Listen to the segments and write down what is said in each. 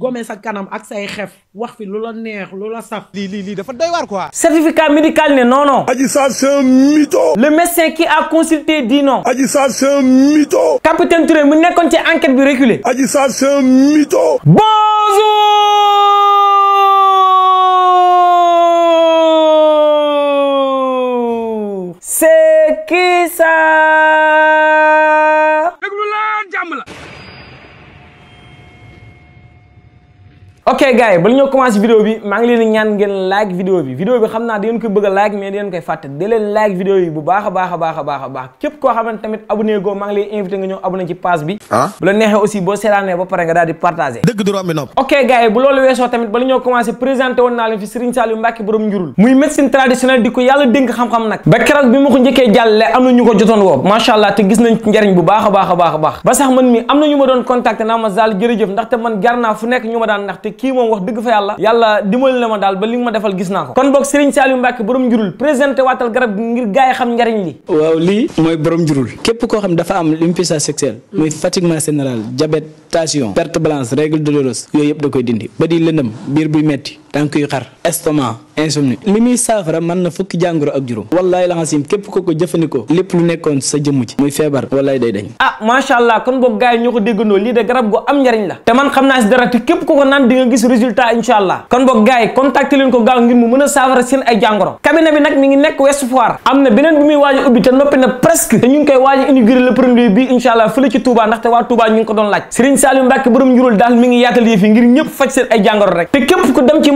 gome sa kanam ak say xef wax fi lu neex lu la saf. lii lii lii dafa doy waar quoi. certificat médical ne non non. Adji Sarr c'est le médecin qui a consulté dit non. Adji Sarr c'est un mytho. capitaine Touré mu nekkoon ci enquête bi reculé. Adji Sarr c'est un mytho. ok gars bala ñoo commencé vidéo bi maa ngi leen ñaan ngeen like vidéo bi vidéo bi xam naa da ngeen koy bëgg like mais da ngeen koy fàtte da leen like vidéo yi baax baax baax baax a baax képp koo tamit abonné maa ngi lay invité nga ñëw abonné ci page bi ah? bu la neexee aussi boo seetaanee ba pare nga daal di partagé dëgg du romb nopp ok gars bu loolu weesoo tamit bala ñoo commencé présenté te gis nañ ci njariñ bu baax a baax kii moom wax dëgg fa yàlla yàlla dimbali na ma daal ba li nga ma defal gis naa ko kon boog Serigne Saliou Mbacke borom njurul présenté waatal garab ngir gaa yi xam njariñ li waaw lii mooy borom njurul képp koo xam dafa am impuissance sexuelle muy fatiguement général diabète tension perte balance règle douloureuse yooyu yëpp da koy dindi ba di lëndëm biir buy metti tànk yu xar estomac insomnie li muy saafara mën na fukki jàngoro ak juróom wallaay ko ko jëfandikoo lépp lu nekkoon sa ah, allah kon boog gars yi lii nga gis résultat incha allah kon boog gars yi contacté leen gaaw ngir mu mën a saafara seen ay jàngoro cabinet bi nag mi ngi nekk Ouest Foire am na beneen bi muy waaj a ubbi te noppi na presque te ñu ngi koy waaj a inauguré le premier bi incha allah fële ci Touba ndaxte waa Touba ñu ko doon laaj Serigne Saliou Mbacke borom njurul daal mi ngi yaatal yëf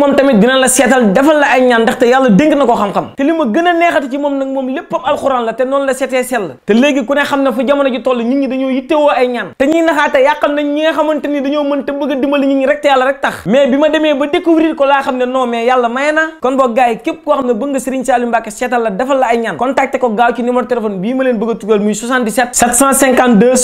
moom tamit dina la seetal defal la ay ñaan ndaxte yàlla dénk na ko xam-xam te li ma gën a neexati ci moom nag moom léppam alxuraan la te noonu la seetee sell te léegi ku ne xam ne fu jamono ji toll nit ñi dañoo yittewoo ay ñaan te ñuy naxaate yàqal nañ ñi nga xamante ni dañoo mën te bëgg a dimbali nit ñi rek te yàlla rek tax mais bi ma demee ba découvrir ko laa xam ne non mais yàlla may na kon boo gars képp koo xam ne bëgg nga Serigne Saliou Mbacké la a tugal muy 77 752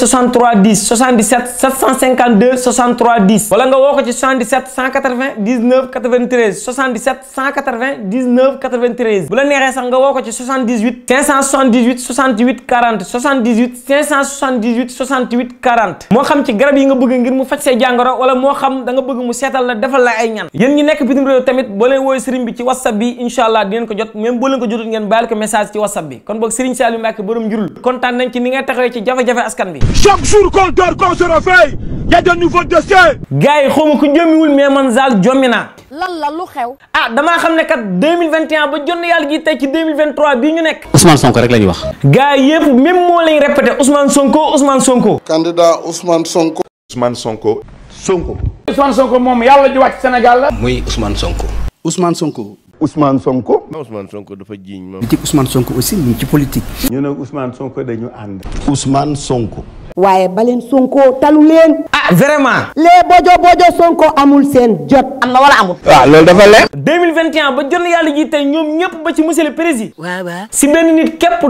63 93 77 180 19 93 bu la neexee sax nga woo ko ci 78 578 68 40 78 578 68 40 moo xam ci garab yi nga bëgg ngir mu faj say jàngoro wala moo xam da nga bëgg mu seetal la defal la ay ñan yéen ñi nekk bitim réew tamit boo leen wooyu sëriñ bi ci whatsapp bi incha allah di ngeen ko jot même boo leen ko jotul ngeen bàyyil ko message ci whatsapp bi kon boog sëriñ Saliou Mbacke borom njurul kontaan nañ ci ni ngay taxawee ci jafe-jafe askan bi chaque jour qu'on dort qu'on se réveille y a de nouveaux dossiers gars yi xawma ku jommiwul mais man zaal jommi naa lan la lu xew. ah damaa xam ne kat deux mille vingt et ba jot na yàlla gi tey ci deux mille vingt trois bii ñu nekk. Ousmane Sonko rek la ñuy wax. gars yi yëpp même moo lañ répété Ousmane Sonko Ousmane Sonko. candidat Ousmane Sonko. Ousmane Sonko. Sonko. Ousmane Sonko moom yàlla ji wàcc Sénégal la. muy Ousmane Sonko. Ousmane Sonko. Ousmane Sonko. Ousmane Sonko dafa jiiñ moom. li ci Ousmane Sonko aussi ñu ci politique. ñu ne Ousmane Sonko dañu ànd. Ousmane Sonko. waaye baleen Sonko talu leen. ah vraiment. les bojo bojo Sonko amul seen jot. am na wala amul. waaw ah, loolu dafa yàlla ji tey ñoom ñëpp ba ci monsieur le président. waaw waaw si benn nit képp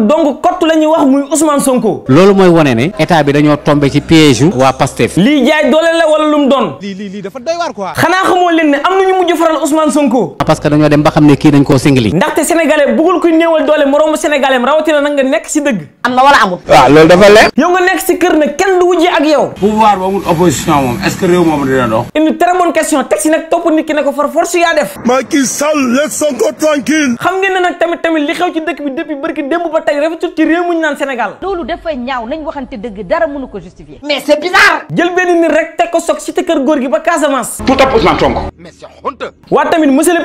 loolu mooy wane ne. état bi dañoo tombé ci piège yu. waa Pastef. lii jaay la wala lu mu doon. lii lii lii dafa xanaa xamoo leen ne am na ñu mujj faral Ousmane ah, que dañoo dem ba xam ne kii dañ koo singli. ndaxte sénégalais bëggul kuy néewal doole moroomu sénégalais rawatina nag nga nekk si dëgg. Ah, yow nga nekk si kër wóor na kenn du wujjee ak yow moom est réew moom dina dox une très bonne question teg si nag topp nit ki ne ko far force yaa def Macky Sall laisse Sonko tranquille xam ngeen ne tamit tamit li xew ci dëkk bi depuis barki démb ba tey rafetul ci réew muñu naan Sénégal loolu dafa ñaaw nañ waxante dëgg dara mënu ko justifier mais c'est bizarre jël benn nit rek teg ko soog si te kër góor gi ba Casamance tout à Ousmane mais c'est honteux waa tamit monsieur le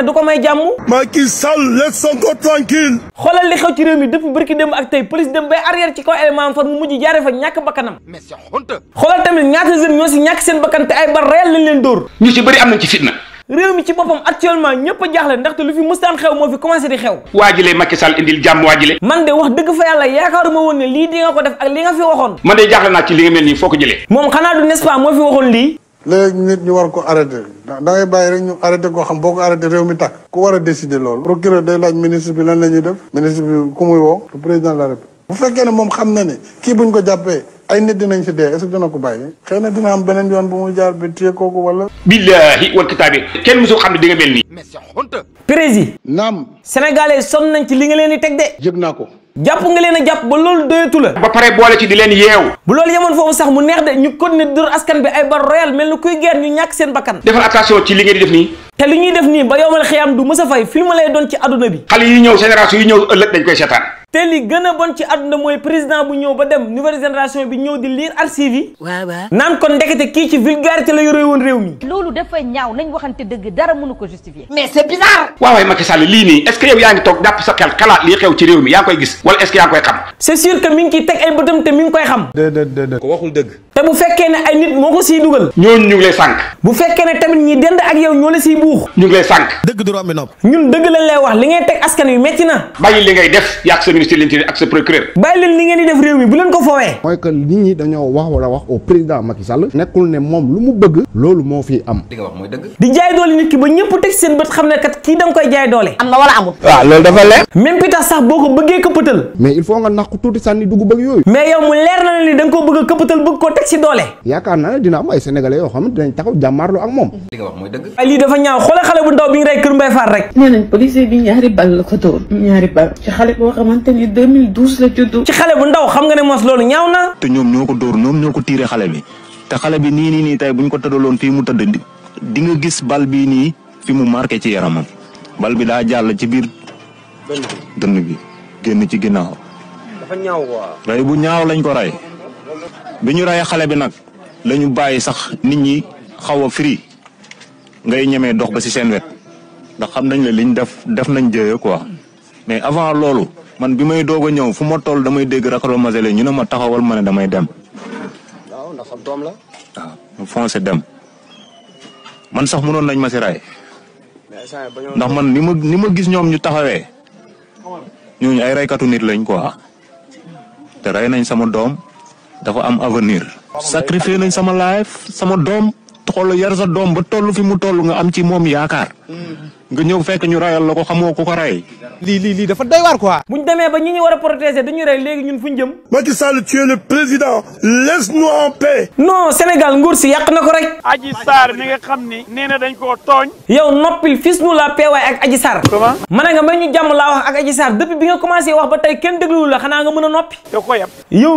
ne du ko may jàmm Macky Sall laisse Sonko tranquille xoolal li xew ci réew mi dëpp bërki dem ak tey police dem bay arrière ci kaw élément am far mu mujj jaare fa ñàkk bakkanam xoolal tamit ñaata jeunes ñoo si ñàkk seen bakkan te ay bar réel lañ leen dóor ñu ci bëri am nañ ci fitna réew mi ci boppam actuellement ñëpp jaaxle ndaxte lu fi mustaan xew moo fi commencé di xew waajilee Macky Sall indil jàmm waajile man de wax dëgg fa yàlla yaakaaruma woon ne moom xanaa du nest léegi nit ñu war ko arrêté da ngay bàyyi rek ñu arrêté koo xam boo ko arrêté réew mi tàkk ku war a décider loolu procureur day laaj ministre bi lan la ñuy def ministre bi ku muy woo le président la république bu fekkee ne moom xam na ne kii buñ ko jàppee ay nit nañ si dee est dina ko bàyyi xëy na dina am beneen yoon bu mu jaar bi téye kooku wala. billaahi wal kitaabi kenn musul xam ne di nga mel nii. mais c'est honte. président. naam. sénégalais sonn nañ ci li nga leen di teg de. yëg naa ko. jàpp nga leen a jàpp ba loolu doyatu la. ba pare boole ci di leen yeew. bu loolu yemoon foofu sax mu neex de ñu continuer dóor askan bi ay bar royal mel ni kuy guerre ñu ñàkk seen bakkan. defal attention ci li ngeen di def nii. te li ñuy def nii ba yomal xiyam du mës a fay film lay doon ci àdduna bi. xale yi ñëw génération yi ñëw ëllëg dañ koy seetaan. te li gën a bon ci àdduna mooy président bu ñëw ba dem nouvelle génération bi ñëw di lire archives yi. waaw waaw naan kon ndekete kii ci vulgarité la yore woon réew mi. loolu dafa ñaaw nañ waxante dëgg dara mënu ko justifier. mais c'est bizarre. waaw waay Macky lii nii est-ce yaa ngi toog jàpp sa xel xalaat lii xew ci réew mi yaa ngi koy gis wala est yaa ngi koy xam. c'est sûr que mi ngi teg ay bëtam te mi ngi koy xam. déedéet déedéet. ko waxul dëgg. nit moo ko siy dugal. ñooñu ñu ngi lay sànq. bu fekkee ne tamit ñi ministre de l'intérieur ak sa procureur bayil ni ngeen di def rew mi bu len ko fowé moy que nit ñi dañoo wax wala wax au président Macky Sall nekul ne mom lu mu bëgg loolu mo fi am di nga wax moy dëgg di jaay doole nit ki ba ñepp tek seen bëtt xam kat ki dang koy jaay doole amna wala amul wa ah, loolu dafa leer même pita sax boko ko bëggee mais il faut nga nakku ko sanni duggu bëgg yoy mais yow mu leer na ni dang ko bëgg a bëgg ko tek ci doole yaakaar na dina am ay sénégalais yo xam ne taxaw jamarlo ak mom di nga wax moy dëgg ay lii dafa ñaaw xolé xalé bu ndaw bi ñu ray kër mbay faar rek nee police bi ñaari bal ko dóor ñaari bal ci xalé bo xamanté la juddu. ci xale bu ndaw xam nga ne mos loolu ñaaw na. te ñoom ñoo ko dóor ñoom ñoo ko tiire xale bi te xale bi nii nii nii tey bu ñu ko tëddaloon fii mu tëdd di nga gis bal bii nii fi mu marqué ci yaramam bal bi daa jàll ci biir dënn bi génn ci ginnaaw. dafa ñaaw quoi. rey bu ñaaw lañ ko ray bi ñu rey xale bi nag lañu bàyyi sax nit ñi xaw a firi ngay ñemee dox ba ci seen wet ndax xam nañ ne liñ def def nañ jëye quoi mais avant loolu. man bi may doog a ñëw fu ma toll damay dégg Rakarol Mazele ñu ne ma taxawal ma damay dem. waaw ndax doom la. waaw ma foncé dem man sax mënoon nañ ma si raay. ndax man ni ma ni ma gis ñoom ñu taxawee ñooñu ay raykatu nit lañ quoi te rey nañ sama doom dafa am avenir. sacrifié nañ sama life sama doom xool yar sa doom ba toll fi mu toll nga am ci moom yaakaar. Hmm. nga ñëw fekk ñu rayal la ko xamoo ku ko rey. lii lii lii dafa doy waar quoi. bu ñu demee ba ñi ñu war a protéger dañuy rey léegi ñun fu ñu jëm. Macky Sall tu es le président si yàq na ko rek. Adji Sarr nga xam ni. nee na dañ koo tooñ. yow noppil fis nu la peewaay ak Adji Sarr. comment. ma ne nga may ñu jàmm laa wax ak Adji Sarr depuis bi nga commencé wax ba tey kenn dégluwul la xanaa nga mën a noppi. yow koy yab. yow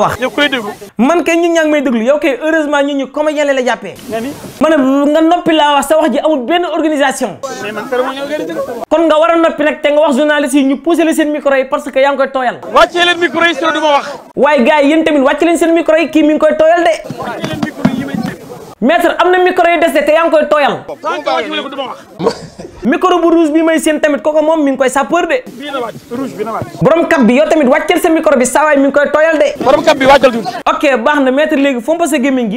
wax. yow koy déglu. man kay ñun ñaa ngi may déglu yow kay heureusement ñun ñu comédien la jàppee. nga ni ma ne nga noppi laa wax sa wax ji amul benn organisation kon nga war a noppi nag te nga wax journaliste yi ñu poussé leen seen micro yi parce que yaa ngi koy tooyal wàccee leen micro yi soo du ma wax waaye gars yi yéen tamit wàcce leen seen micro yi kii mi ngi koy tooyal de maître am na micro yu des de te yaa ngi koy tooyal micro bu rouge bi may seen tamit kooku moom mi ngi koy sapeur de borom kab bi yow tamit wàcceel sa micro bi saawaay mi ngi koy tooyal de borom kab bi wàccal tuuti ok baax na maître léegi fompa sa gémmiñ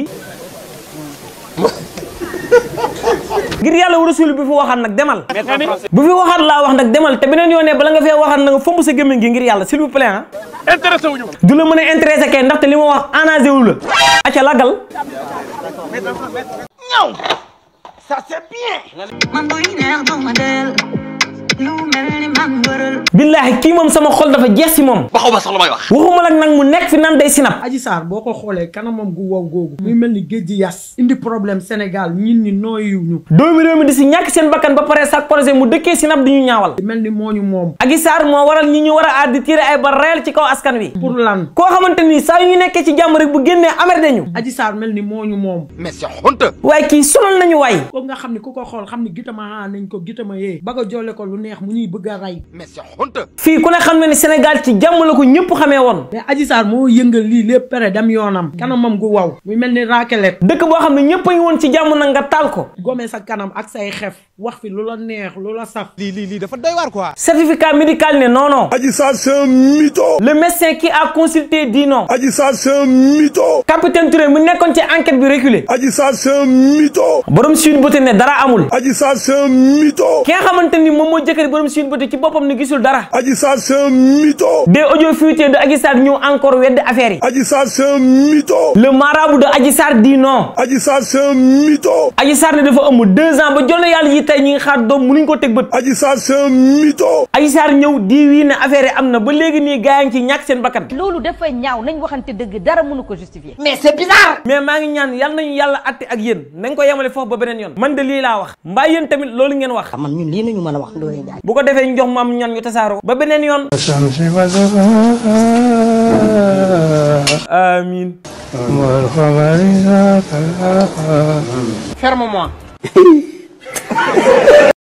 ngir yàlla rasul bu fi waxaat nag demal bu fi waxaat laa wax nag demal te beneen yoonee bala nga fee waxaat na nga fomb sa gémmiñ gi ngir yàlla s'il vous plaît ah intéressé du la mën a intéressé kenn ndaxte li ma wax engagé wu la acca lagal billaahi kii moom sama xol dafa jeex si moom. waxuma sax lu may wax. waxuma nag nag mu nekk fi nan day sinap. Adji boo ko xoolee kanamam gu wow googu. muy mel ni géej gi yas. indi problème Sénégal ñin ñi nooyu ñu. doomi réew mi di si ñàkk seen bakkan ba pare sax projet mu dëkkee sinap du ñu ñaawal. mel ni moo ñu moom. Adji Sarr moo waral ñi ñu war a aar di ay bal réel ci kaw askan wi. pour lan koo xamante ni saa yu ñu nekkee ci jàmm rek bu génnee amer nañu. Adji mel ni moo ñu moom. mais c'est honte. waaye kii sonal waay. kooku nga xam ne ku ko xool xam ne gitama nañ ko gitama yee. ba neex mu ñuy bëgg a rey. mais c'est honte. fii ku ne xam na ne Sénégal ci jàmm la ko ñëpp xamee woon. mais Adji Sarr moo yëngal lii lépp pere dem yoonam. kanamam gu waw muy mel ni raakelet. dëkk boo xam ne ñëpp a woon ci jàmm nag nga taal ko. gomee sa kanam ak say xef wax fi lu la neex lu la saf. lii lii dafa doy waar quoi. certificat médical ne non non. Adji Sarr le médecin qui a consulté dit non. Adji Sarr capitaine Touré mu nekkoon ci enquête bi reculé. Adji Sarr c'est un mytho. borom Sweet Beauté ne jëkkëri borom Sweet Beauté ci boppam ne gisul dara Adji Sarr c'est un mytho des audios fuités de affaire yi Adji Sarr c'est un mytho le marabout de Adji Sarr dit non Adji Sarr c'est un mytho Adji Sarr ne dafa deux ans ba jonn yàlla yi tey ñi ngi xaar doom mënuñ ko teg bët Adji Sarr c'est un mytho Adji Sarr ñëw di wii ne affaire yi am na ba léegi nii gaa ngi ci ñàkk seen bakkan loolu dafa ñaaw nañ waxante dëgg dara mënu ko justifier mais c'est bizarre mais maa ngi ñaan yàlla nañu yàlla atte ak yéen nañ ko yemale foofu ba beneen yoon man de lii laa wax mbaa yéen tamit loolu ngeen wax ah, man ñun lii nañu mën a wax ñuy bu ko defee ñu jox mu am ñan ñu tasaaroo ba beneen yoon amin ferme-moi